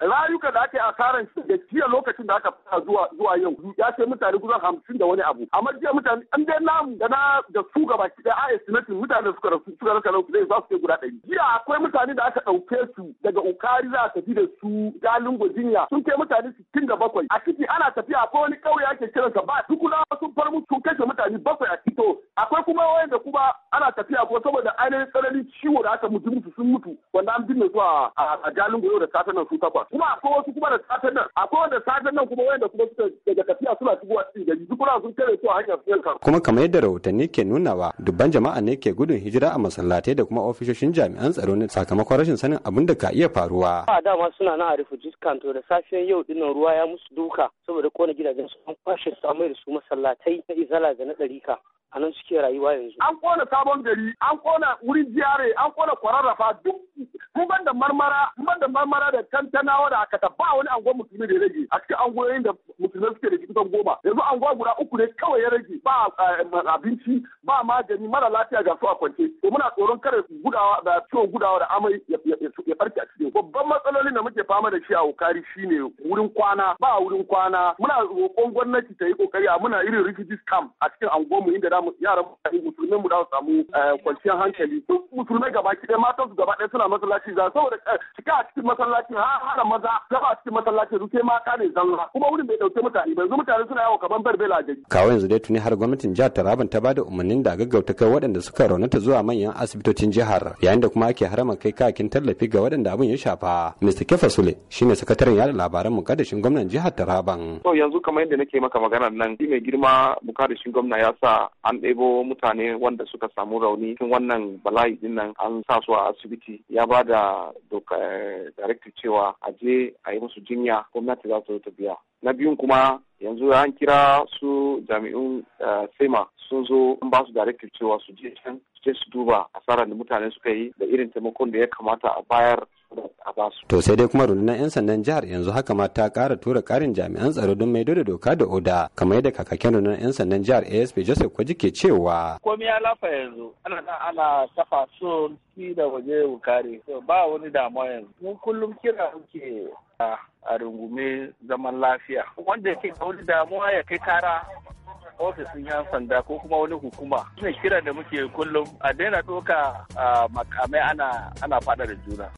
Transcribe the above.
rayuka da ake asaran da jiya lokacin da aka fara zuwa zuwa yau ya ce mutane kusan hamsin da wani abu amma jiya mutane an dai namu da na da su gaba ki da a estimate mutane suka rasu suka rasa rasu zai za su kai guda ɗari jiya akwai mutane da aka ɗauke su daga ukari za a tafi da su galingo jinya sun kai mutane sittin da bakwai a ciki ana tafiya akwai wani ƙauye ake kiransa ba dukuna sun far mutu kashe mutane bakwai a ana tafiya ko saboda ainihin tsananin ciwo da aka mutu mutu sun mutu wanda an binne su a jalin goyo da satan nan su takwas kuma akwai wasu kuma da satan nan akwai wanda satan nan kuma wanda kuma suka daga tafiya suna shigowa cikin gari dukuna sun kare su a hanyar su kuma kamar yadda rahotanni ke nunawa dubban jama'a ne ke gudun hijira a masallatai da kuma ofishoshin jami'an tsaro ne sakamakon rashin sanin abin da ka iya faruwa a dama suna na a rufe kanto da safiyan yau dinnan ruwa ya musu duka saboda kona gidajen su an kwashe su da su masallatai na izala da na ɗarika a nan suke rayuwa yanzu. An kona sabon gari, an kona wurin jiyare, an kona kwararrafa duk mun da marmara, mun da marmara da tantanawa da ba wani anguwa musulmi da ya rage a cikin anguwoyin da musulmai suke da kusan goma. Yanzu anguwa guda uku ne kawai ya rage ba eh, abinci, ba magani, mara lafiya ga su a kwance. To muna tsoron kare gudawa da ciwon gudawa da amai ya farke a babban matsalolin da muke fama da shi a wukari shine wurin kwana ba wurin kwana muna roƙon gwamnati ta yi kokari a muna irin refugee camp a cikin anguwanmu inda da yaran musulmai mu da samu eh, kwanciyar hankali duk musulmai gaba ki ɗaya matan su gaba ɗaya suna masallaci za saboda cika eh, a cikin masallaci har hana maza gaba a cikin masallaci su mata ne zalla kuma wurin bai dauke mutane ba yanzu mutane suna yawo kaman barbela gari. kawo yanzu dai tuni har gwamnatin jihar Taraban ta bada umarnin da gaggauta kai waɗanda suka raunata zuwa manyan asibitocin jihar yayin da kuma ake harama kai kakin tallafi ga waɗanda abin ya shafa mr kefa sule shine sakataren yada labaran mukaddashin gwamnan jihar taraban to yanzu kamar yadda nake maka magana nan shi mai girma mukaddashin gwamna ya sa an ɗebo mutane wanda suka samu rauni cikin wannan bala'i din nan an sa su a asibiti ya ba da doka eh, cewa a je a yi musu jinya gwamnati za su tafiya na biyun kuma yanzu an kira su jami'un eh, sema sun zo an ba su directive cewa su je can su duba asarar da mutane suka yi da irin taimakon da ya kamata a bayar Tosai a basu. To sai dai kuma rundunar 'yan sandan jihar yanzu haka ma ta ƙara tura ƙarin jami'an tsaro don mai da doka da oda kamar yadda kakakin rundunar 'yan sandan jihar ASP Joseph Kwaji ke cewa. Komai ya lafa yanzu ana ana kafa so ki da waje wukare ba wani damuwa yanzu mun kullum kira muke a rungume zaman lafiya wanda yake da wani damuwa ya kai kara ofisin yan sanda ko kuma wani hukuma Ina kira da muke kullum a daina doka makamai ana ana fada da juna